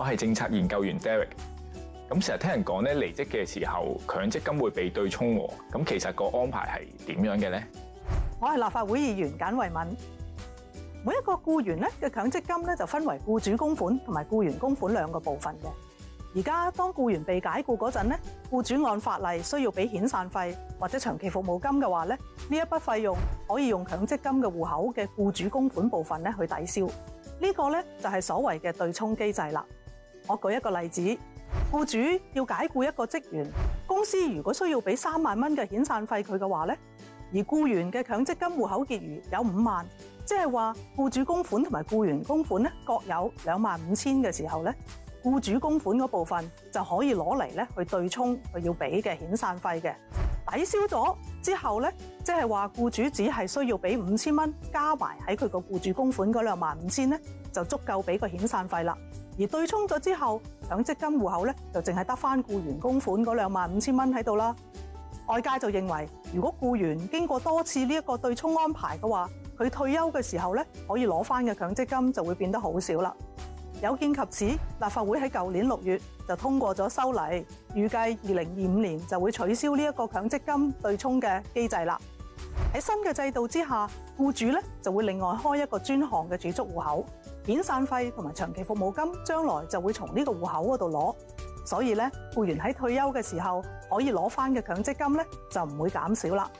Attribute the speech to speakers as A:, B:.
A: 我係政策研究員 Derek，咁成日聽人講咧，離職嘅時候強積金會被對沖，咁其實個安排係點樣嘅咧？
B: 我係立法會議員簡慧敏。每一個僱員咧嘅強積金咧就分為僱主供款同埋僱員供款兩個部分嘅。而家當僱員被解僱嗰陣咧，僱主按法例需要俾遣散費或者長期服務金嘅話咧，呢一筆費用可以用強積金嘅戶口嘅僱主供款部分咧去抵消，呢個咧就係所謂嘅對沖機制啦。我舉一個例子，僱主要解僱一個職員，公司如果需要俾三萬蚊嘅遣散費佢嘅話咧，而僱員嘅強積金戶口結餘有五萬，即係話僱主供款同埋僱員供款咧各有兩萬五千嘅時候咧，僱主供款嗰部分就可以攞嚟咧去對沖佢要俾嘅遣散費嘅，抵消咗之後咧，即係話僱主只係需要俾五千蚊加埋喺佢個僱主供款嗰兩萬五千咧，就足夠俾個遣散費啦。而對沖咗之後，強積金戶口咧就淨係得翻僱員供款嗰兩萬五千蚊喺度啦。外界就認為，如果僱員經過多次呢一個對沖安排嘅話，佢退休嘅時候咧可以攞翻嘅強積金就會變得好少啦。有見及此，立法會喺舊年六月就通過咗修例，預計二零二五年就會取消呢一個強積金對沖嘅機制啦。喺新嘅制度之下，僱主咧就會另外開一個專項嘅儲蓄戶口。遣散費同埋長期服務金，將來就會從呢個戶口嗰度攞，所以咧，僱員喺退休嘅時候可以攞翻嘅強積金咧，就唔會減少啦。